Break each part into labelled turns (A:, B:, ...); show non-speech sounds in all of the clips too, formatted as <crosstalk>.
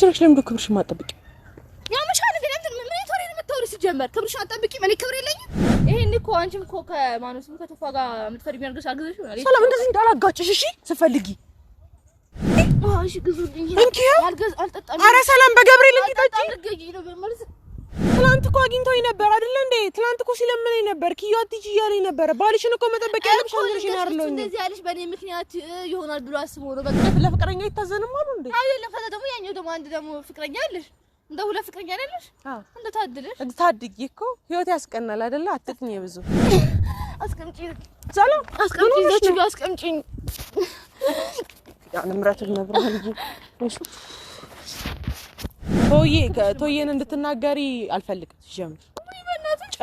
A: አንቺ ነሽ ለምዶ ክብርሽን ማጠብቂ
B: ያምሻል። ግን እንትን ምን ይቶሪ ነው ሲጀመር ክብርሽ አጠብቂ። እኔ ክብር የለኝም። ይሄን እኮ አንቺም እኮ ከማኖስም ከተፋ ጋር የምትፈልጊው ነገር ሳግዝሽ ነው።
A: ሰላም እንደዚህ እንዳላጋጭሽ እሺ። ስፈልጊ
B: አሽ ግዙልኝ።
A: እንኪ አልገዝ አልጠጣም። አረ ሰላም በገብርኤል እንዲጠጪ ትናንት እኮ አግኝቶኝ ነበር አይደለ እንዴ? ትናንት እኮ ሲለምነኝ ነበር ኪያ አትሂጂ እያለኝ ነበር። ባልሽን እኮ መጠበቅ
B: ያለብሽ አንቺ ነሽ አይደል? እንደዚህ ያለሽ በእኔ ምክንያት ይሆናል ብሎ አስቦ ነው።
A: በቃ ለፍቅረኛ ይታዘንም አሉ እንዴ?
B: አይደለም። ከዛ ደግሞ ያኛው ደግሞ አንድ ደግሞ ፍቅረኛ አለሽ እንደ ሁለት ፍቅረኛ አይደለሽ? አዎ። እንደ ታድለሽ
A: እንደ ታድጊ እኮ ህይወት ያስቀናል አይደለ? አትቅኝ ብዙ አስቀምጪኝ። ሰላም
B: አስቀምጪኝ። ዘች ጋር አስቀምጪኝ።
A: ያ ንምራቱ ነብራ ልጅ እሺ ቶዬን እንድትናገሪ አልፈልግም። ጀምር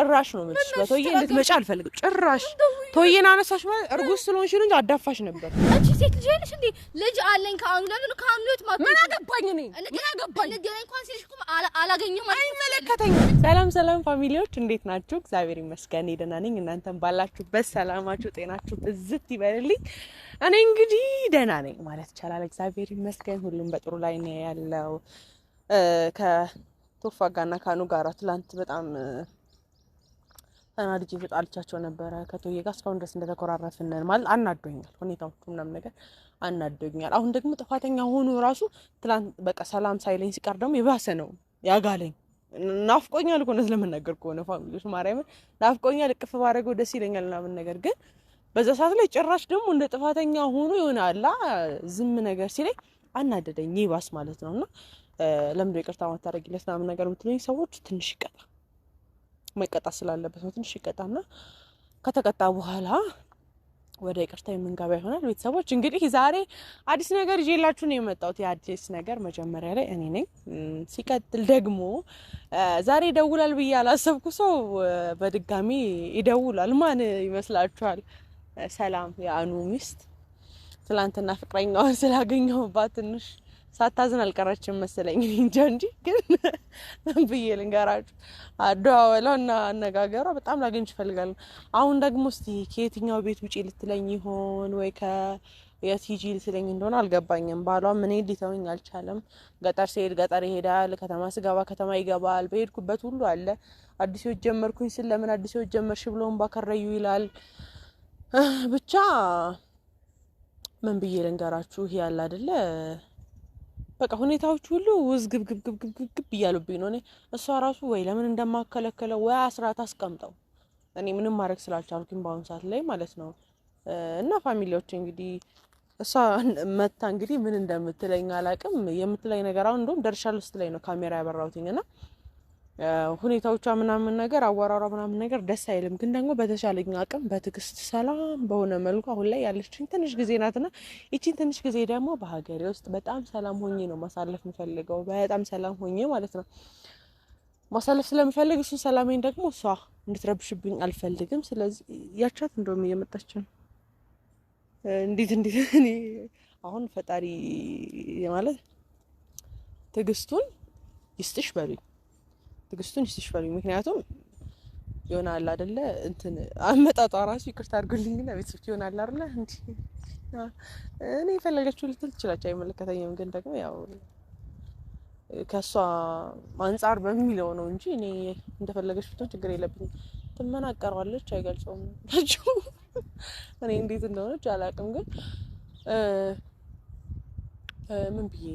A: ጭራሽ ነው የምልሽ። በቶዬ እንድትመጪ አልፈልግም ጭራሽ። ቶዬን አነሳሽ ማለት እርጉዝ ስለሆንሽ እንጂ አዳፋሽ ነበር።
B: አንቺ ሴት ልጅ ነሽ እንዴ? ልጅ አለኝ ከአኑ። ለምን ከአኑ ልጅ ማለት
A: ምን አገባኝ? እኔ
B: ምን አገባኝ? ልገናኝ እንኳን ሲልሽ እኮ አላገኘሁም።
A: አይመለከተኝም። ሰላም ሰላም፣ ፋሚሊዎች እንዴት ናችሁ? እግዚአብሔር ይመስገን እኔ ደህና ነኝ። እናንተም ባላችሁበት ሰላማችሁ፣ ጤናችሁ ብዝት ይበልልኝ። እኔ እንግዲህ ደህና ነኝ ማለት ይቻላል። እግዚአብሔር ይመስገን ሁሉም በጥሩ ላይ ነው ያለው። ከቶፋ ጋና ካኑ ጋር ትላንት በጣም ተናድጄ ተጣልቻቸው ነበረ። ከቶዬ ጋር እስካሁን ድረስ እንደተኮራረፍን ማለት አናዶኛል፣ ሁኔታዎቹ ምናምን ነገር አናዶኛል። አሁን ደግሞ ጥፋተኛ ሆኑ ራሱ ትላንት በቃ ሰላም ሳይለኝ ሲቀር ደግሞ የባሰ ነው ያጋለኝ። ናፍቆኛል እኮ እውነት ለመናገር ከሆነ ፋሚሊዎች ማርያምን ናፍቆኛል። እቅፍ ባደረገው ደስ ይለኛል ምናምን ነገር ግን በዛ ሰዓት ላይ ጭራሽ ደግሞ እንደ ጥፋተኛ ሆኖ ይሆናላ ዝም ነገር ሲለኝ አናደደኝ ይባስ ማለት ነው እና ለምንድነው ይቅርታ ማታደርጊለት ምናምን ነገር የምትለኝ ሰዎች ትንሽ ይቀጣ መቀጣ ስላለበት ነው። ትንሽ ይቀጣ ይቀጣና ከተቀጣ በኋላ ወደ ይቅርታ የምንገባ ይሆናል። ቤተሰቦች እንግዲህ ዛሬ አዲስ ነገር ይዤላችሁ ነው የመጣሁት። የአዲስ ነገር መጀመሪያ ላይ እኔ ነኝ። ሲቀጥል ደግሞ ዛሬ ይደውላል ብዬ ያላሰብኩ ሰው በድጋሚ ይደውላል። ማን ይመስላችኋል? ሰላም የአኑ ሚስት ትላንትና ፍቅረኛዋን ስላገኘሁባት ትንሽ ሳታዝን አልቀረችም መሰለኝ እንጃ እንጂ ግን ብዬ ልንገራችሁ፣ አደዋወሏ እና አነጋገሯ በጣም ላገኝ ይፈልጋል አሁን ደግሞ እስቲ ከየትኛው ቤት ውጪ ልትለኝ ይሆን ወይ ከየት ሂጂ ልትለኝ እንደሆነ አልገባኝም። ባሏ ምን ሊተውኝ አልቻለም። ገጠር ሲሄድ ገጠር ይሄዳል፣ ከተማ ስገባ ከተማ ይገባል። በሄድኩበት ሁሉ አለ። አዲስ ሕይወት ጀመርኩኝ ስል ለምን አዲስ ሕይወት ጀመርሽ ብለውን ባከረዩ ይላል። ብቻ ምን ብዬ ልንገራችሁ ያለ አይደለ በቃ ሁኔታዎች ሁሉ ውዝግብ ግብግብግብግብ እያሉብኝ ነው። እኔ እሷ ራሱ ወይ ለምን እንደማከለከለው ወይ አስራት አስቀምጠው እኔ ምንም ማድረግ ስላልቻልኩኝ በአሁኑ ሰዓት ላይ ማለት ነው። እና ፋሚሊዎች እንግዲህ እሷ መታ እንግዲህ ምን እንደምትለኝ አላቅም። የምትለኝ ነገር አሁን እንደውም ደርሻለሁ ስትለኝ ነው ካሜራ ያበራሁትኝ እና ሁኔታዎቿ ምናምን ነገር አወራሯ ምናምን ነገር ደስ አይልም። ግን ደግሞ በተሻለኝ አቅም በትዕግስት ሰላም በሆነ መልኩ አሁን ላይ ያለችኝ ትንሽ ጊዜ ናትና ይቺን ትንሽ ጊዜ ደግሞ በሀገሬ ውስጥ በጣም ሰላም ሆኜ ነው ማሳለፍ የምፈልገው። በጣም ሰላም ሆኜ ማለት ነው ማሳለፍ ስለምፈልግ እሱን ሰላሜን ደግሞ እሷ እንድትረብሽብኝ አልፈልግም። ስለዚህ ያቻት እንደውም እየመጣች ነው። እንዴት እንዴት እኔ አሁን ፈጣሪ ማለት ትዕግስቱን ይስጥሽ በሉኝ ትግስቱን ይስጥሽበሉኝ። ምክንያቱም ይሆናል አደለ እንትን አመጣጧ ራሱ ይቅርታ አድርጉልኝ ና ቤተሰብ ይሆናል አለ እንዴ እኔ የፈለገችው ልትል ትችላቸው አይመለከተኝም። ግን ደግሞ ያው ከእሷ አንጻር በሚለው ነው እንጂ እኔ እንደፈለገች ብትሆን ችግር የለብኝ። ትመናቀሯለች፣ አይገልጸውም ናቸው እኔ እንዴት እንደሆነች አላውቅም። ግን ምን ብዬ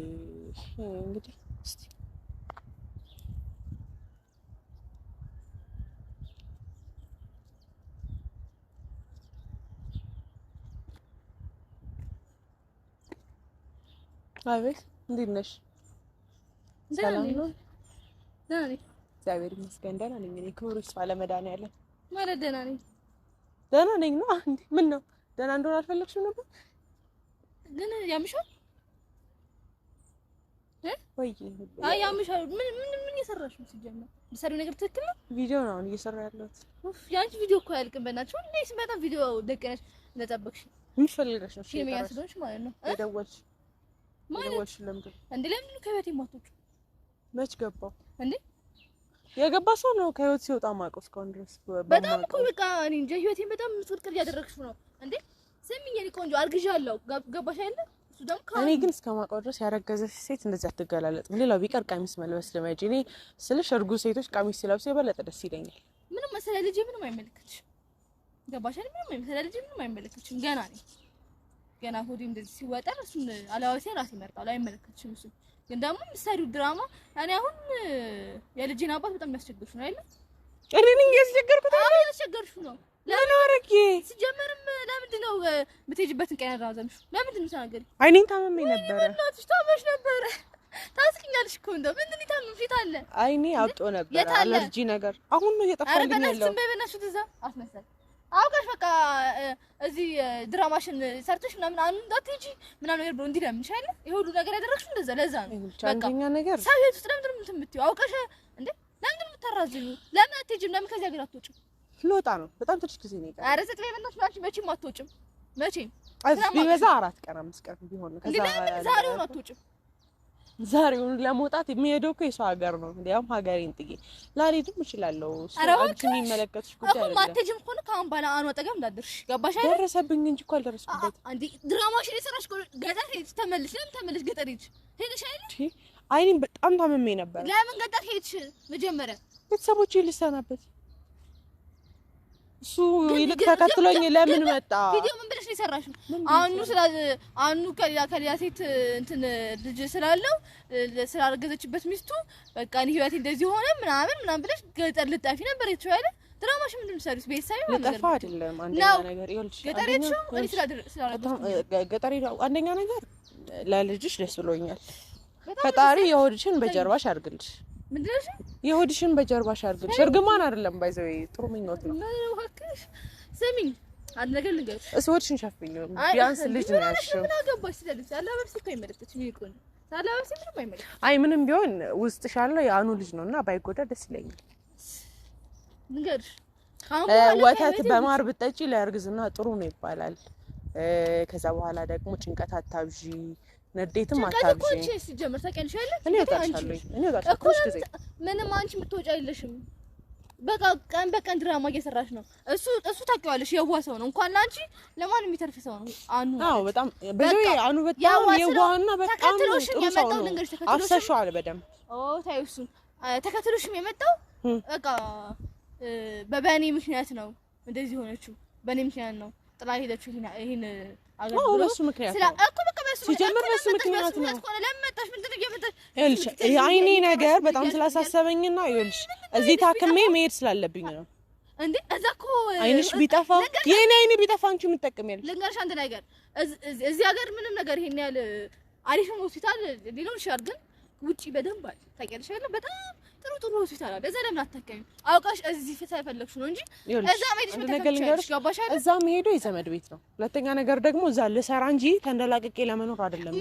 A: እንግዲህ አቤት እንዴት ነሽ?
B: ሰላም ነው? ደህና ነኝ፣
A: እግዚአብሔር ይመስገን። ደህና ነኝ እኔ ክብሩ ይስፋ ለመድኃኒዓለም ማለት ደህና ነኝ። ደህና ነኝ ነው እንዴ? ምን ነው ደህና እንደሆነ አልፈለግሽም ነበር?
B: ግን ያምሻል ወይ? አይ ያምሻል። ምን ምን ምን እየሰራሽ ነው? ሲጀመር ብሰሪው ነገር ትክክል ነው።
A: ቪዲዮ ነው አሁን እየሰራ ያለሁት።
B: ኡፍ ያንቺ ቪዲዮ እኮ አያልቅም። በእናትሽ ሁሌ ስመጣ ቪዲዮ ደቀነሽ እንደጠበቅሽ
A: ምን ፈልገሽ ነው?
B: ሺህ ማለት ነው
A: የደወልሽ መች ገባው እንዴ? የገባ ሰው ነው ከህይወት ሲወጣ ማቀው። እስካሁን ድረስ
B: በጣም እኮ በቃ እኔ እንጃ ህይወቴን በጣም ምስቅልቅል እያደረግሽ ነው እንዴ። ስሚኝ የኔ ቆንጆ አርግዣለሁ። ገባሽ አይደለ?
A: እሱ ደግሞ እኔ ግን እስከ ማውቀው ድረስ ያረገዘ ሴት እንደዚህ አትገላለጥም። ሌላው ቢቀር ቀሚስ መልበስ ልመጂ። እኔ ስልሽ እርጉዝ ሴቶች ቀሚስ ሲለብሱ የበለጠ ደስ ይለኛል።
B: ምንም መሰለ ልጅ ምንም አይመለከትሽም። ገባሽ አይደል? ምንም መሰለ ልጅ ምንም አይመለከትሽም። ገና ነኝ ገና ሆዴ እንደዚህ ሲወጠር እሱን አላዋሴ ራሴ እመርጣለሁ። አይመለከትሽም። እሱን ግን ደግሞ የምትሰሪው ድራማ እኔ አሁን የልጄን አባት በጣም ያስቸግርሽ ነው አይደል?
A: ጭሪ ነኝ ያስቸገርኩት
B: ነው ያስቸገርሽ ነው። ለምን አረጌ ሲጀመርም ለምንድን ነው የምትሄጂበትን ቀን ያራዘምሽ? ለምንድን ነው ተናገሪ።
A: አይኔን ታመመኝ ነበረ።
B: እናትሽ ታመሽ ነበረ። ታስቅኛለሽ እኮ እንደው ምን ነው የታመምሽ? የት አለ?
A: አይኔ አብጦ ነበር አለርጂ ነገር አሁን ነው እየጠፋልኝ ያለው።
B: አረ በእናትሽ ዝም በይ በእናትሽ። ትዛ አትመሰል አውቀሽ በቃ እዚህ ድራማሽን ሰርተሽ ምናምን አሁን እንዳትሄጂ ምናምን ነገር ብሎ እንዲህ ነው የምንሻለው። ይሄ ሁሉ ነገር ያደረግሽው እንደዛ ለዛ ነው። ነገር ሰው ቤት ውስጥ ለምንድን ነው የምትምትይው? አውቀሽ እንዴ ለምንድን ነው የምታራዝኙ? ለምን አትሄጂም? ለምን ከዚህ ሀገር አትወጭም
A: ልወጣ ነው። በጣም ትንሽ ጊዜ ነው የቀረኝ።
B: ኧረ ዘጥ ላይ በእናትሽ ማለት መቼም አትወጭም መቼም
A: ቢበዛ አራት ቀን አምስት ቀን ቢሆን
B: ከዛ ለምን ዛሬውን አትወጭም
A: ዛሬውን ለመውጣት የሚሄደው እኮ የሰው ሀገር ነው። እንዲያውም ሀገሬን ጥዬ ላልሄድም እችላለሁ።
B: የሚመለከትሽ ጉዳይ አትሄጂም ከሆነ ከአሁን በኋላ አኑ አጠገብ እንዳትደርሺ። ገባሽ?
A: ደረሰብኝ እንጂ እኮ አልደረስኩበት።
B: ድራማሽን የሰራሽ ገጠር ሄድሽ፣ ተመለስሽ። ለምን ተመለስሽ? ገጠር ሄድሽ ሄድሽ
A: አይደል? አይኔም በጣም ታመሜ ነበር።
B: ለምን ገጠር ሄድሽ? መጀመሪያ
A: ቤተሰቦቼ ልሰናበት እሱ ይልቅ ተከትሎኝ ለምን መጣ?
B: ቪዲዮ ምን ብለሽ ነው የሰራሽው? አኑ አኑ ከሌላ ከሌላ ሴት እንትን ልጅ ስላለው ስላረገዘችበት ሚስቱ በቃ እኔ ህይወቴ እንደዚህ ሆነ ምናምን ምናምን ብለሽ ገጠር ልጠፊ ነበር የቻው አይደል? ድራማሽ ምንድን ነው ሰሪስ? ቤተሰብ
A: ልጠፋ አይደለም። አንደኛ ነገር ይኸውልሽ፣
B: ገጠር ሄድሽው እኔ ስላደረ
A: ገጠር ሄድሽው አንደኛ ነገር ለልጅሽ ደስ ብሎኛል። ፈጣሪ የሆድሽን በጀርባሽ አድርግልሽ። የሆድሽን በጀርባሽ አድርግልሽ። እርግማን አይደለም ባይዘው ጥሩ ምኞት ነው።
B: ስሚኝ አንድ ነገር ልንገርሽ። ልጅ
A: አይ ምንም ቢሆን ውስጥሽ ያለው የአኑ ልጅ ነውና ባይጎዳ ደስ ይለኛል። ልንገርሽ ወተት በማር ብጠጪ ለእርግዝና ጥሩ ነው ይባላል። ከዛ በኋላ ደግሞ ጭንቀት አታብዢ ነዴትም አታብጂ
B: ሲጀምር ታቀንሻለሽ።
A: እኔ ወጣችኋለሁ
B: እኔ ወጣችኋለሁ ጊዜ ምንም አንቺ የምትወጪ አይለሽም። በቃ ቀን በቀን ድራማ እየሰራሽ ነው። እሱ እሱ ታውቂዋለሽ፣ የዋ ሰው ነው። እንኳን አንቺ ለማንም የሚተርፍ ሰው ነው። አኑ
A: አዎ፣ በጣም በጆይ አኑ በጣም የዋህና በጣም
B: ጥሩ ሰው ነው።
A: አፍሰሽዋል በደምብ።
B: ኦ ተይ፣ እሱን ተከትሎሽም የመጣው በቃ በበኔ ምክንያት ነው እንደዚህ ሆነችው። በኔ ምክንያት ነው ጥላ ሄደችው ይሄን
A: በሱ የአይኔ ነገር በጣም ስላሳሰበኝ እና ይኸውልሽ እዚህ ታክሜ መሄድ ስላለብኝ ነው። አይንሽ ቢጠፋ የኔ አይኔ ቢጠፋ አንቺ የምትጠቀሚያለሽ።
B: ልንገርሽ አንድ ነገር እዚህ ሀገር ምንም ነገር ይሄን ያህል አሪፍም ሆስፒታል ሊኖር ይችላል ግን ውጪ በደንብ አለ ታውቂያለሽ፣ አይደል? በጣም ጥሩ ጥሩ ሆስፒታል አለ። እዛ ለምን አታከሚም? አውቃሽ እዚህ ፍታ የፈለግሽ ነው እንጂ እዛ መሄድሽ መታከምሽ ገባሽ አይደል?
A: እዛ መሄዱ የዘመድ ቤት ነው። ሁለተኛ ነገር ደግሞ እዛ ልሰራ እንጂ ተንደላቅቄ ለመኖር አይደለም።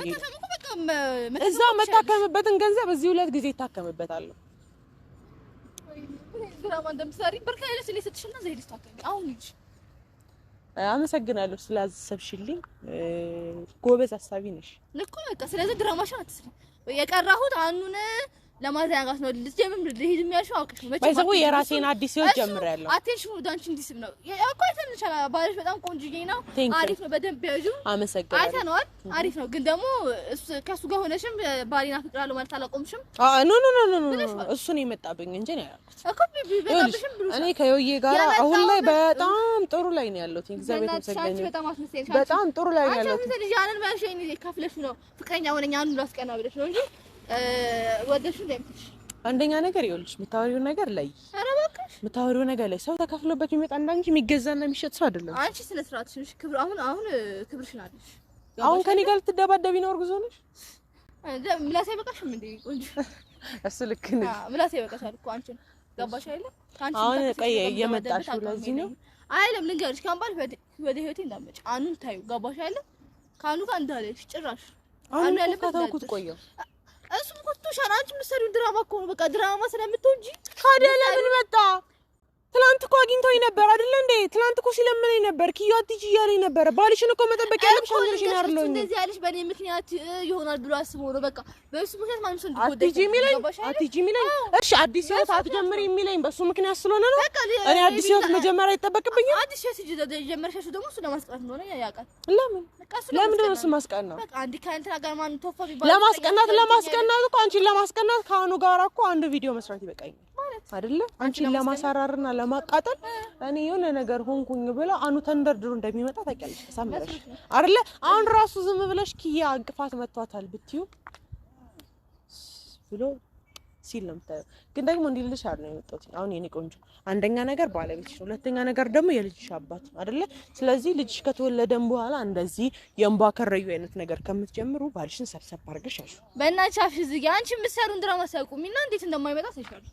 A: እዛ መታከምበትን ገንዘብ እዚህ ሁለት ጊዜ ይታከምበታለሁ። አመሰግናለሁ ስላሰብሽልኝ። ጎበዝ አሳቢ ነሽ
B: እኮ በቃ። ስለዚህ ድራማሽን አትስሪ የቀራሁት አኑን ለማዘናጋት ነው። ልጀምም ልሄድ የሚያልሽው አውቀሽ ነው።
A: መቼም ባይዘው የራሴን አዲስ ህይወት ጀምሬያለሁ።
B: አቴንሽን ወደ አንቺ እንዲስብ ነው እኮ አይተንሽ። ባለሽ በጣም ቆንጆዬ ነው፣ አሪፍ ነው። በደንብ ያዩ አመሰግናለሁ። አይተነዋል፣ አሪፍ ነው። ግን ደግሞ ከእሱ ጋር ሆነሽም ባሌን አፈቅራለሁ ማለት አላቆምሽም።
A: ኖ ኖ ኖ ኖ ኖ እሱ ነው የመጣብኝ እንጂ ነው ያልኩት
B: እኮ ቢበጣብሽም
A: ብሎ እኔ ከዮዬ ጋር አሁን ላይ በጣም ጥሩ ላይ ነው ያለሁት። እግዚአብሔር ይመስገን
B: በጣም ጥሩ ላይ ነው ያለሁት። አንቺ ልጅ ያንን ማለት ነው ከፍለሽ ነው ፍቅረኛ ሆነኛ አንዱ ላስቀና ብለሽ ነው እንጂ
A: አንደኛ ነገር ይኸውልሽ፣ የምታወሪው ነገር ላይ ኧረ እባክሽ የምታወሪው ነገር ላይ ሰው ተከፍሎበት የሚመጣ እንዳንቺ የሚገዛና የሚሸጥ ሰው አይደለም።
B: አንቺ ስነ ስርዓትሽ ክብር፣ አሁን አሁን ክብርሽ ናለሽ።
A: አሁን ከኔ ጋር ልትደባደቢ ነው? እርጉዝ ሆነሽ
B: ምላሴ አይበቃሽም እንዴ? ቆንጆ
A: እሱ ልክ ነሽ።
B: ምላሴ አይበቃሻል እኮ አንቺን ገባሽ አይደለ?
A: አሁን ቆይ እየመጣሽ ለዚህ ነው
B: አይለም። ልንገርሽ ካምባል ወደ ህይወቴ እንዳመጭ አኑን ታዩ ገባሽ አይደለ? ካኑ ጋር እንዳለሽ ጭራሽ
A: አሁን ያለበት ታውቁት ቆየው
B: እሱም እኮ ትቶሻል። አንቺ የምትሰሪው ድራማ እኮ ነው። በቃ ድራማ ስለምትወጂ እንጂ
A: ታዲያ ለምን መጣ? ትላንት እኮ አግኝቶኝ ነበር አይደለ እንዴ? ትላንት እኮ ሲለምነኝ ነበር፣ ኪያ አትሂጂ እያለኝ ነበር። ባልሽን እኮ መጠበቅ
B: ያለብሽ አንድሽ ነው ያለው። እንደዚህ ያለሽ በእኔ ምክንያት ይሆናል ብሎ አስቦ ነው። በቃ በሱ ምክንያት ማንም ሰው
A: እንዲጎዳ የሚለኝ አትሂጂ የሚለኝ እሺ፣ አዲስ ህይወት አትጀምሪ የሚለኝ በሱ ምክንያት ስለሆነ ነው። እኔ አዲስ ህይወት መጀመሪያ አይጠበቅብኝም።
B: አዲስ ህይወት ጀመርሽ ደግሞ እሱ ለማስቀናት እንደሆነ ያውቃል።
A: ለምን ለምንድን ነው እሱ ማስቀናት?
B: አንድ ከእንትና ጋር ማን ተፋ
A: ቢባል ለማስቀናት ለማስቀናት እኮ አንቺን ለማስቀናት ከአኑ ጋር እኮ አንድ ቪዲዮ መስራት ይበቃኛል። አይደለ አንቺን ለማሳራርና ለማቃጠል እኔ የሆነ ነገር ሆንኩኝ ብለ አኑ ተንደርድሮ እንደሚመጣ ታውቂያለሽ። ሳምራሽ አይደለ አሁን ራሱ ዝም ብለሽ ኪያ አቅፋት መቷታል ብትዩ ብሎ ሲል ነው የምታየው። ግን ደግሞ እንዲልሽ አይደል ነው የመጣሁት። አሁን የኔ ቆንጆ አንደኛ ነገር ባለቤትሽ ነው፣ ሁለተኛ ነገር ደግሞ የልጅሽ አባት ነው አይደለ? ስለዚህ ልጅሽ ከተወለደም በኋላ እንደዚህ የእንባ ከረዩ አይነት ነገር ከምትጀምሩ ባልሽን ሰብሰብ አድርገሽ ያሹ።
B: በእናትሽ አፍሽ ዝጊ። አንቺ የምትሰሩን ድራማ ሳቁሚና እንዴት እንደማይመጣ ሳይሻሉ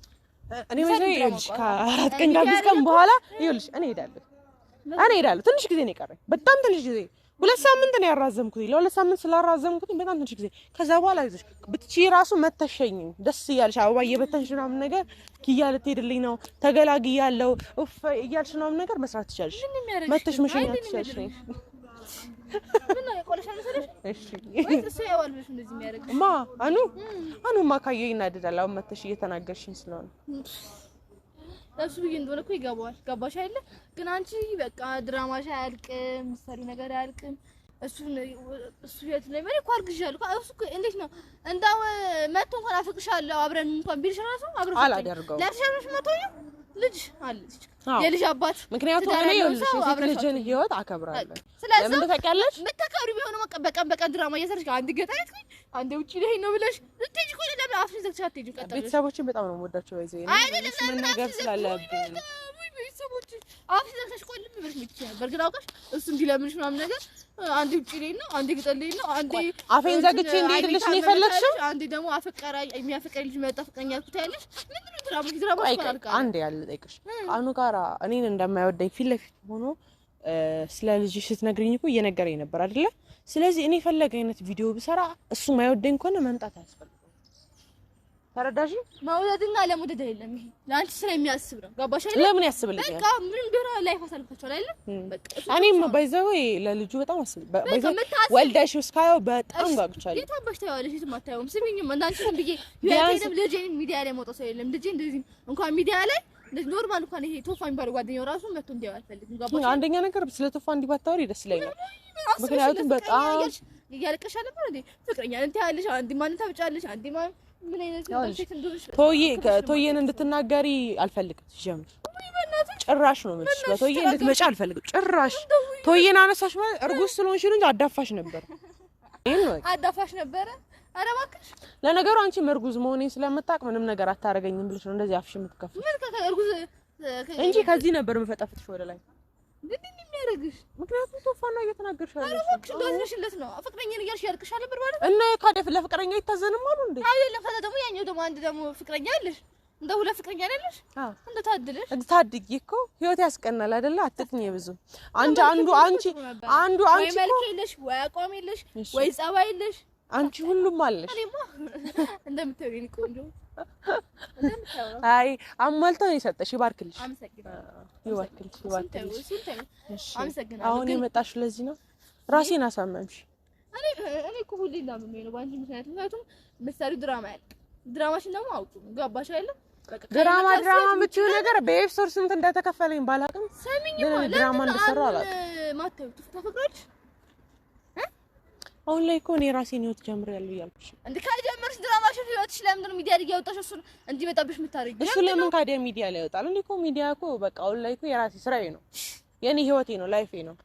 A: እኔ ወይ ይኸውልሽ፣ ከአራት ቀን ጋብዝ ቀን በኋላ ይኸውልሽ፣ እኔ እሄዳለሁ፣ እኔ እሄዳለሁ። ትንሽ ጊዜ ነው የቀረኝ፣ በጣም ትንሽ ጊዜ። ሁለት ሳምንት ነው ያራዘምኩት። ለሁለት ሳምንት ስላራዘምኩት በጣም ትንሽ ጊዜ። ከዛ በኋላ ይዞሽ ብትቺ ራሱ መተሸኝ ደስ እያልሽ አበባ እየበተንሽ ምናምን ነገር ኪያ ልትሄድልኝ ነው ተገላግያለሁ እያልሽ ምናምን ነገር መስራት ትችያለሽ። መተሽ መሸኛት ትችያለሽ። ማ አኑ አኑማ ካየሁ ይናደዳል። አሁን መተሽ እየተናገርሽኝ ስለሆነ
B: እሱ ብዬ እንደሆነ እኮ ይገባዋል። ገባሽ አይደለ? ግን አንቺ በቃ ድራማሽ አያልቅም፣ ምሳሌ ነገር አያልቅም። እሱ የት ነው ማለት እኮ አርግዣለሁ። እሱ እንዴት ነው እንዳው መቶ እንኳን አፍቅሻለሁ አብረን እንኳን ቢልሽ ራሱ
A: አብረን አላደርገውም
B: ለተሻለሽ መቶ ነው ልጅ አለች የልጅ አባት።
A: ምክንያቱም እኔ የሴት ልጅን ህይወት አከብራለሁ። ስለዚህ ምን ታውቂያለሽ፣ የምታከብሪ ቢሆን በቀን በቀን ድራማ እየሰራሽ አንድ ገጣ ያትኩኝ አንድ ውጪ ላይ ነው ብለሽ ልትሄጂ እኮ ለምን አፍሽን ዘግተሽ አትሄጂም? ቀጣይ ቤተሰቦችን በጣም ነው የምወዳቸው። ይዘው
B: አይደለም
A: ነገር ስላለብኝ
B: አፍ ዘግተሽ ቆይ ልብ ብለሽ ምትችያለሽ። በእርግጥ አውቀሽ እሱ እንዲለምንሽ ምናምን ነገር አንዴ ውጪ ላይ ነው፣ አንዴ ግጠል ላይ ነው፣ አንዴ
A: አፌን ዘግቼ እንዲሄድልሽ ነው የፈለግሽው።
B: አንዴ ደግሞ አፈቀራ የሚያፈቅር ልጅ መጣ ፍቅረኛ ትታያለሽ። ምንድን ድራማ?
A: ድራማ አንዴ ያለ ጠይቅሽ አኑ ጋራ እኔን እንደማይወደኝ ፊት ለፊት ሆኖ ስለ እኮ እየነገረኝ ነበር አይደለ? ስለዚህ እኔ አይነት ቪዲዮ ብሰራ እሱ ማይወደኝ ከሆነ መምጣት አያስፈልግም። ተረዳሽ?
B: መውደድና ለመውደድ አይደለም። ይሄ ለአንቺ ስለ ነው። ገባሽ አይደል?
A: ለምን ያስብልኛል?
B: በቃ ምን እንደሆነ ላይፍ አሳልፋችኋል አይደል?
A: እኔም ባይዘው ለልጁ በጣም አስብ ባይዘው ወልዳሽ እስካየው በጣም ጓጉቻለሁ።
B: የታባሽ ታየዋለሽ፣ የትም አታየውም። ስሚኝም እናንቺ ዝም ብዬ ልጄ ሚዲያ ላይ መውጣት ሰው የለም። ልጄ እንደዚህ እንኳን ሚዲያ ላይ ኖርማል እንኳን ይሄ ቶፋ የሚባለው ጓደኛው ራሱ መጥቶ እንዲያው አልፈልግም።
A: አንደኛ ነገር ስለ ቶፋ እንዲህ ባታወሪ ደስ ይለኛል። ምክንያቱም በጣም
B: እያለቀሻ ነበር እንዴ? ፍቅረኛ እንትን ያለሽ አንዴ ማንን ታብጫለሽ አንዴ ማን
A: ቶዬን እንድትናገሪ አልፈልግም። ሲጀምር ጭራሽ ነው የምልሽ። በቶዬ እንድትመጪ አልፈልግም ጭራሽ። ቶዬን አነሳሽ ማለት እርጉዝ ስለሆንሽ እንጂ አዳፋሽ ነበር፣
B: አዳፋሽ ነበረ። ኧረ እባክሽ።
A: ለነገሩ አንቺም እርጉዝ መሆኔን ስለምታውቅ ምንም ነገር አታረገኝም ብለሽ ነው እንደዚህ አፍሽ የምትከፍል እንጂ ከዚህ ነበር የምፈጠፍትሽ ወደ ላይ አልፈልግሽ። ምክንያቱም ሶፋ ነው እየተናገርሽ
B: ያለሽ አረፈክሽ ዳዝነሽለት ነው ፍቅረኛ እያልሽ ያልክሻል ብር ማለት
A: እና ካደፍ ለፍቅረኛ ይታዘንም አሉ እንዴ?
B: አይደለም። ከዛ ደግሞ ያኛው ደግሞ አንድ ደግሞ ፍቅረኛ አለሽ እንደ ሁለት ፍቅረኛ አይደለሽ? እንደ ታድለሽ
A: ታድጊ እኮ ህይወት ያስቀናል አይደለ? አትቅኝ ብዙ አንቺ አንዱ አንቺ አንዱ አንቺ ወይ መልክ
B: የለሽ ወይ አቋም የለሽ ወይ ጸባይ የለሽ
A: አንቺ ሁሉም አለሽ።
B: እንደምታዩኝ ቆንጆ
A: አይ አሟልቶ ነው የሰጠሽ። ይባርክልሽ፣ ይባርክልሽ፣
B: ይባርክልሽ።
A: አሁን የመጣሽ ለዚህ ነው። ራሴን አሳመምሽ።
B: እኔ እኮ ሁሌ ላምሜ ነው በአንቺ ምክንያት። ምክንያቱም የምትሰሪው ድራማ ያለ ድራማሽን ደግሞ አውጡ ገባሽ አይደለም
A: ድራማ ድራማ የምትይው ነገር በኤፕሶር ስንት እንደተከፈለኝ ባላውቅም
B: ድራማ እንደሰራ አላውቅም።
A: አሁን ላይ እኮ እኔ ራሴን ህይወት ጀምሬያለሁ እያልኩሽ
B: እንዴ። ድራማ ድራማሽን ህይወትሽ ለምንድን ነው ሚዲያ ላይ ያወጣሽው? እሱን እንዲመጣብሽ የምታደርጊው
A: እሱ ለምን ካዲያ ሚዲያ ላይ ያወጣል? እኔ እኮ ሚዲያ እኮ በቃ አሁን ላይ እኮ የራሴ ስራዬ ነው፣ የኔ ህይወቴ ነው፣ ላይፌ ነው።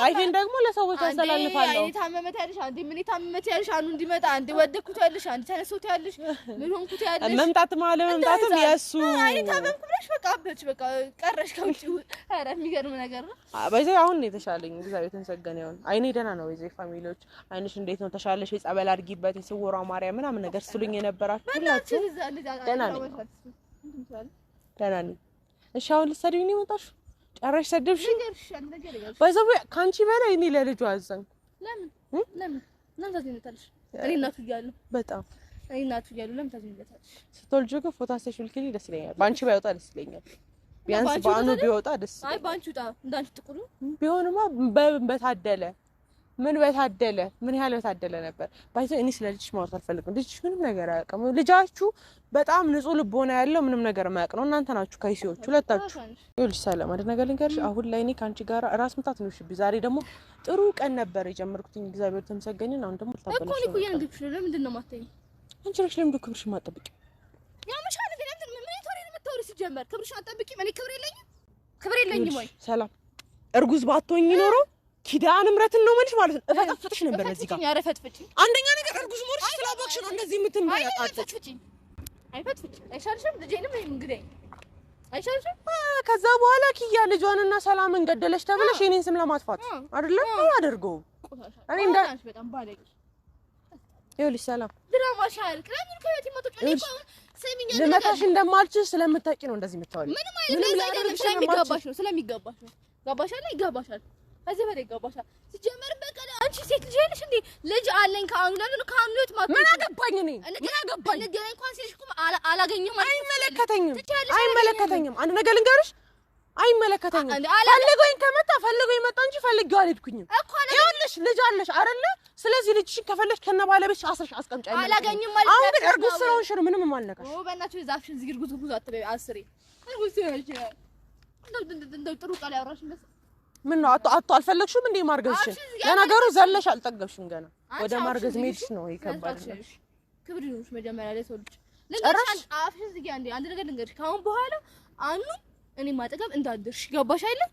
A: ላይፌን ደግሞ ለሰዎች
B: አስተላልፋለሁ። ታመመት ትያለሽ፣ አንዴ ምን ታመመ ትያለሽ፣ አንዱ እንዲመጣ አንዴ ወደኩት ትያለሽ፣ አንዴ ተነስቶ ትያለሽ፣ ምን ሆንኩት ትያለሽ።
A: መምጣት ማለ መምጣትም የእሱ
B: አይ ታመምኩ ብለሽ በቃ አበች በቃ ቀረሽ ከውጪ። ኧረ የሚገርም ነገር ነው።
A: በዚህ አሁን ነው የተሻለኝ፣ እግዚአብሔር ተመሰገነ ይሁን። አይኔ ደህና ነው። በዚህ ፋሚሊዎች አይንሽ እንዴት ነው ተሻለሽ? የጸበል አድርጊበት የስውሯ ማርያም ምናምን ነገር ስሉኝ የነበራችሁ
B: ሁላችሁ ደህና
A: ነኝ፣ ደህና ነኝ። እሺ አሁን ልትሰድቢኝ ነው የመጣሽው? ጨረሽ ሰደብሽ። ባይዘው ከአንቺ በላይ እኔ ለልጁ አዘንኩ።
B: ለምን ለምን ለምን ታዝኝለታለሽ? እኔ እናቱ እያለሁ በጣም እኔ እናቱ እያለሁ ለምን ታዝኝለታለሽ?
A: ስትወልጂ ግን ፎቶ አስተሽል ልክ ደስ ይለኛል። በአንቺ ባይወጣ ደስ ይለኛል። ቢያንስ በአኑ ቢወጣ ደስ
B: አይ፣ በአንቺ ውጣ እንዳንቺ ጥቁሩ
A: ቢሆንማ በታደለ ምን በታደለ ምን ያህል በታደለ ነበር። ባይዞ እኔ ስለ ልጅሽ ማውራት አልፈልግም። ልጅሽ ምንም ነገር አያውቅም። ልጃችሁ በጣም ንጹሕ ልቦና ያለው ምንም ነገር ማያውቅ ነው። እናንተ ናችሁ ከይሲዎች ሁለታችሁ። ይኸውልሽ ሰላም፣ አንድ ነገር ልንገርሽ። አሁን ላይ እኔ ከአንቺ ጋር ራስ ምታት ነው ሽብ። ዛሬ ደግሞ ጥሩ ቀን ነበር የጀመርኩትኝ እግዚአብሔር ተመሰገኝን። አሁን ደግሞ
B: ልታበላሽ ነው። ለምንድን ነው የማትተኝ? አንቺ ነሽ ለምንድን ነው ክብር የለኝም፣ ክብር የለኝም ወይ
A: ሰላም እርጉዝ ባትሆኝ ኖሮ ኪዳን ምሕረትን ነው ማለት ማለት ነው። እፈጠፍጥሽ ነበር በዚህ ጋር አንደኛ ነገር እርጉዝ ሞርሽ ስላወቅሽ ነው እንደዚህ
B: አይሻልሽም? እንግዲህ የምትም
A: ከዛ በኋላ ኪያ ልጇንና ሰላምን ገደለች ተብለሽ የኔን ስም ለማጥፋት አይደለ? አላደርገውም እኔ እንደ ይኸውልሽ ሰላም ልመታሽ እንደማልችል ስለምታውቂ ነው እንደዚህ የምታወሪው።
B: ምንም አይደለም ስለሚገባሽ ነው። ስለሚገባሽ ነው። ገባሻል? ይገባሻል ከዚህ በላይ ይገባሻል። ሲጀመር በቀለ አንቺ ሴት ልጅ ነሽ እንዴ? ልጅ አለኝ ከአምናት ነው ከአምናት ማለት
A: ምን አገባኝ እኔ
B: ምን አገባኝ ንገረኝ። እንኳን ሲልኩም አላገኘም።
A: አይመለከተኝም፣ አይመለከተኝም። አንድ ነገር ልንገርሽ አይመለከተኝም። ፈልጎኝ ከመጣ ፈልጎኝ መጣ እንጂ ፈልጌው አልሄድኩኝም። ይኸውልሽ ልጅ አለሽ አይደለ? ስለዚህ ልጅሽን ከፈለሽ ከነ ባለቤትሽ አስረሽ አስቀምጪ። አላገኝም ማለት አሁን ግን እርጉዝ ስለሆንሽ ነው ምንም ማልነካሽ።
B: ኦ በእናትሽ ዛፍሽን ዝግር ጉዝ አትበይ። አስሬ እርጉዝ ስለሆንሽ ነው እንደው ጥሩ ቃል ያወራሽ መስ
A: ምን ነው አቶ አልፈለግሽም እንዴ ማርገዝሽን? ለነገሩ ዘለሽ አልጠገብሽም ገና ወደ ማርገዝ መሄድሽ ነው ይከባድ።
B: ክብር ይኑርሽ መጀመሪያ ላይ ሰው ልጅ ልንገርሽ፣ አፍሽን ዝጊ። አንዴ አንድ ነገር ልንገርሽ፣ ካሁን በኋላ አኑ እኔ ማጠገብ እንዳደርሽ ገባሽ አይደለ?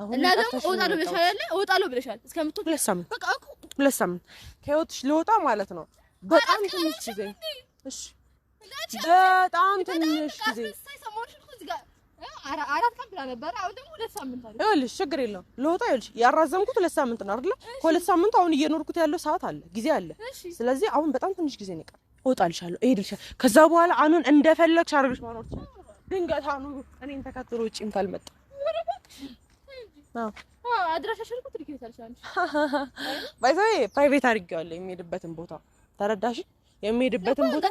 B: አሁን እና ደግሞ እወጣለሁ ብለሻል አይደለ? እወጣለሁ ብለሻል እስከምትወጪ
A: ሁለት ሳምንት በቃ እኮ ሁለት ሳምንት ከህይወትሽ ልወጣ ማለት ነው። በጣም ትንሽ ጊዜ እሺ፣ በጣም ትንሽ ጊዜ ይኸውልሽ ችግር የለውም ለወጣ ይኸውልሽ ያራዘምኩት ሁለት ሳምንት ነው አይደለ? ከሁለት ሳምንቱ አሁን እየኖርኩት ያለው ሰዓት አለ፣ ጊዜ አለ። ስለዚህ አሁን በጣም ትንሽ ጊዜ ነው የቀረኝ። እወጣልሻለሁ፣ እሄድልሻለሁ። ከዛ በኋላ አኑን እንደፈለግሽ አድርገሽ ማኖር ትችላለሽ። ድንገት አኑ እኔን ተከትሎ ውጪም ካልመጣ ባይዘዌ ፕራይቬት <laughs> አድርጌዋለሁ የሚሄድበትን ቦታ ተረዳሽ? የሚሄድበትን ቦታ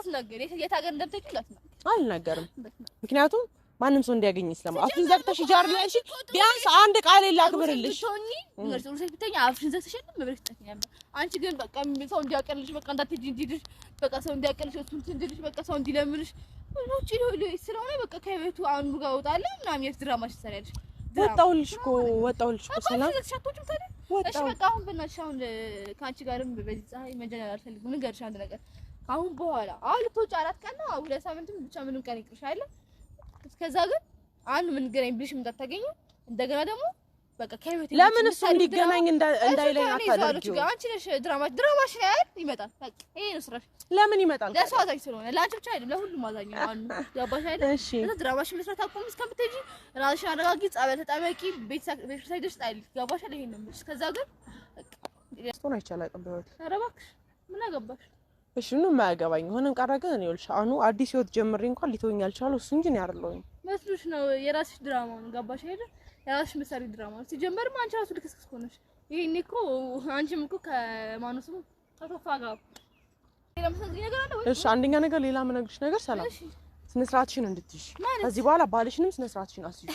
A: አልናገርም ምክንያቱም ማንም ሰው እንዲያገኝ ስለማ አፍሽን ዘግተሽ ጃር ላይ ቢያንስ አንድ ቃል ሌላ
B: አንቺ ግን በቃ ሰው እንዲያቀልሽ በቃ እንዳትሄጂ እንዲልሽ በቃ ሰው እንዲያቀልሽ እሱን እንዲልሽ በቃ ሰው እንዲለምንሽ ወጪ ስለሆነ በቃ ከቤቱ አንዱ ጋር ወጣለ ምናምን የት ድራማሽ ትሰሪያለሽ?
A: ወጣሁልሽ እኮ ወጣሁልሽ እኮ ሰላም
B: ሻቶቹም ታዲያ እሺ፣ በቃ አሁን በእናትሽ አሁን ከአንቺ ጋርም በዚህ ፀሐይ መጀነር አልፈልግም። ንገርሽ አንድ ነገር አሁን በኋላ አሁን ልትወጪ አራት ቀን ነው ሁለት ሳምንትም ብቻ ምንም ቀን ይቅርሻል እስከዛ ግን አንድ ምን ገናኝ ብልሽ እንዳታገኙ እንደገና ደግሞ በቃ ከህይወት
A: ለምን እሱ እንዲገናኝ እንዳይለኝ
B: አታደርጊው። አንቺ ነሽ ድራማ ድራማሽ ያህል ይመጣል። በቃ ይሄ ነው ስራሽ። ለምን ይመጣል? ለእሱ አዛኝ ስለሆነ ለአንቺ ብቻ አይደለም ለሁሉም አዛኝ ነው። አንዱ ያባሽ አይደል? እሺ እዛ ድራማሽ መስራት አቆሚ እስከምትሄጂ ራስሽን አረጋጊ፣ ጸበል ተጠመቂ፣ ቤት ሳይ ደስ ጣይል ያባሽ አይደል? ይሄን ነው። እስከዛ ግን በቃ
A: ሶና ይቻላል። ቀበለው
B: ኧረ እባክሽ ምን አገባሽ?
A: እሺ ምንም የማያገባኝ ሆነም ቀረ። ግን እኔ ልሽ አሁን አዲስ ህይወት ጀምሬ እንኳን ሊተወኝ አልቻለ። እሱ እንጂ ነው ያርለውኝ
B: መስሉሽ ነው የራስሽ ድራማ ነው። ገባሽ አይደል? የራስሽ ምሳሌ ድራማ ነው። ሲጀመርም አንቺ ራሱ ልክስክስ ሆነሽ ይሄኔ እኮ አንቺም እኮ ከማኑስም ከቶፋ ጋር
A: እሺ። አንደኛ ነገር ሌላ የምነግርሽ ነገር ሰላም፣ ስነ ስርዓትሽን እንድትይሽ ከዚህ በኋላ ባልሽንም ስነ ስርዓትሽን አስይሽ።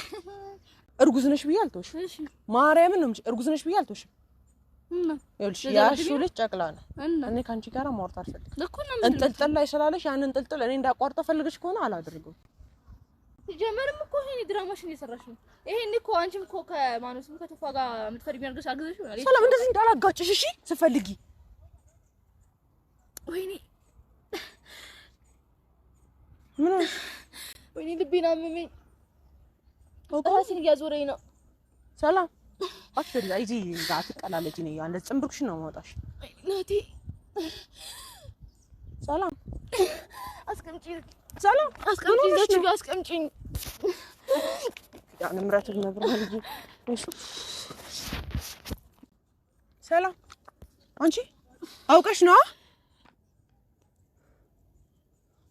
A: እርጉዝ ነሽ ብዬ አልተውሽም። ማርያምን ነው እርጉዝ ነሽ ብዬ አልተውሽም። ያልሽ ልጅ ጨቅላ ነው። እኔ ከአንቺ ጋር ማውራት አልፈልግም። እንጥልጥል ላይ ስላለሽ ያን እንጥልጥል እኔ እንዳቋርጠ ፈልገሽ ከሆነ አላደርግም።
B: ጀመርም እኮ ይሄን ድራማሽን እየሰራሽ ነው። ይሄን እኮ አንቺም እኮ ከማኖስም ከተፋ ጋር የምትፈልጊው አድርገሽ አግዘሽ ይሆናል።
A: ሰላም እንደዚህ እንዳላጋጭሽ እሺ። ስፈልጊ ወይኔ ምን
B: ወይኔ ልቤን አመመኝ። ራሴን እያዞረኝ ነው።
A: ሰላም አትበላ እጂ እዛ አትቀላለጂ ነው ያለ ጽምብርክሽን ነው ማውጣሽ። ናቲ ሰላም አስቀምጪኝ፣ ሰላም
B: አስቀምጪኝ፣ ዘቺ አስቀምጪኝ።
A: ያን ምራት ነብራል እጂ ሰላም፣ አንቺ አውቀሽ ነው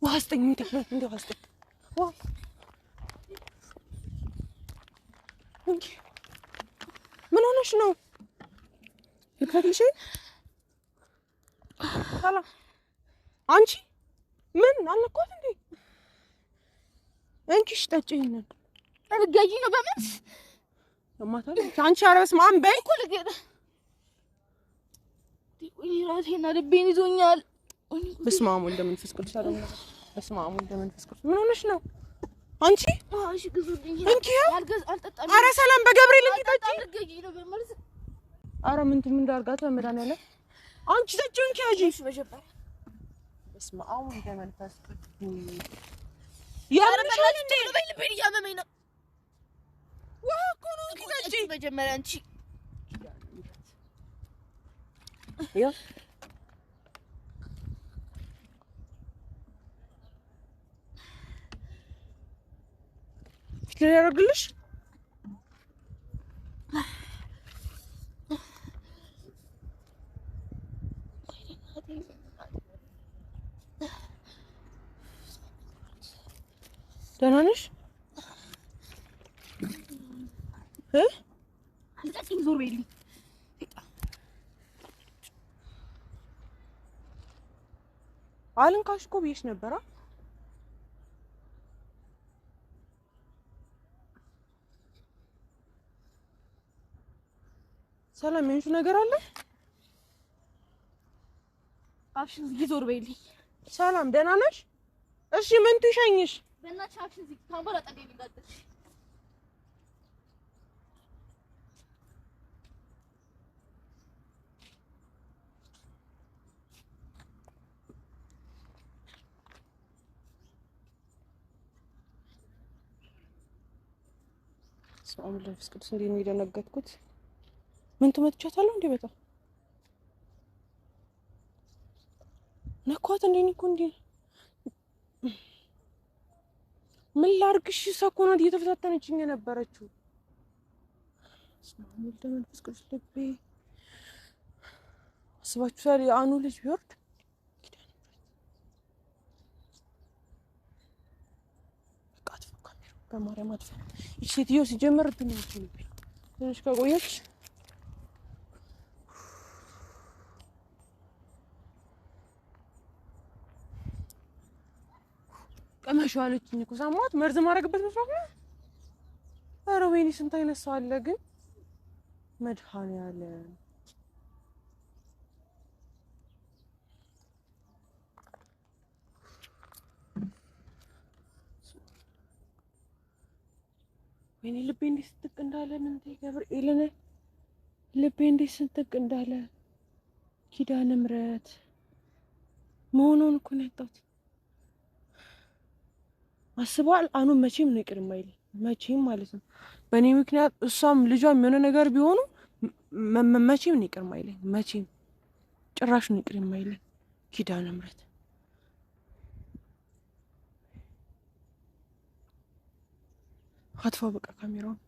A: ዋስጠኝ ምትበል እንደ ዋስጠኝ ዋ እንኪ ሆነሽ ነው? ልትፈትሽ ሰላም አንቺ ምን አለኳት እንዴ? እንኪሽ ጠጪ። ይሄንን
B: ልትገዢ ነው? በምን
A: ሰማታለች አንቺ? ኧረ በስመ በይ እኮ ልገ-
B: እራሴና ልቤን ይዞኛል።
A: በስመ አብ ወልደ መንፈስ ቅዱስ አለ። በስመ አብ ወልደ መንፈስ ቅዱስ ምን ሆነሽ ነው? አንቺ እንኪ አረ ሰላም በገብርኤል እንኪ አረ ምን ምን እንዳርጋት መድኃኒዓለም አንቺ ጠጪው እንኪ አጂ ያመመሻል Gülüş. Dön Anış. He?
B: Hadi zor verin.
A: Alın kaç kobi iş ne bera? ሰላም የሆንሽ ነገር አለ?
B: አፍሽን ዝጊ፣ ዞር በይልኝ።
A: ሰላም ደህና ነሽ? እሺ ምን ትሸኝሽ?
B: በእናትሽ አፍሽን ዝጊ። ታምባ ጠገኝ ይጋጥሽ
A: ሰው አምላክ ፍቅር እንዴት ነው የደነገጥኩት? ምን ትመትቻታለሁ እንዴ? በጣም ነኳት እንዴ? እኔ እንዴ ምን ላርግሽ? ሳኮ እየተፈታተነችኝ የነበረችው። መንፈስ ቅዱስ ልቤ አስባችሁታል? የአኑ ልጅ ቢወርድ በማርያም አጥፋ። ይች ሴትዮ ሲጀመር ትንሽ ከቆየች ነሽ አለችኝ እኮ ሳማት መርዝ ማረግበት መስራት ነው። ኧረ ወይኔ ስንት አይነት ሰው አለ ግን መድኃኒዓለም ወይኔ ልቤ እንዴት ስንጥቅ እንዳለ ምን ገብርኤልን ልቤ እንዴት ስንጥቅ እንዳለ ኪዳነ ምሕረት መሆኑን እኮ ነው ያጣሁት። አስበዋል። አኑ መቼም ነው ይቅር የማይል መቼም ማለት ነው። በእኔ ምክንያት እሷም ልጇም የሆነ ነገር ቢሆኑ መቼም ነው ይቅር የማይል መቼም ጭራሽ ነው ይቅር የማይል ኪዳነ ምሕረት አጥፋው በቃ ካሜራውን።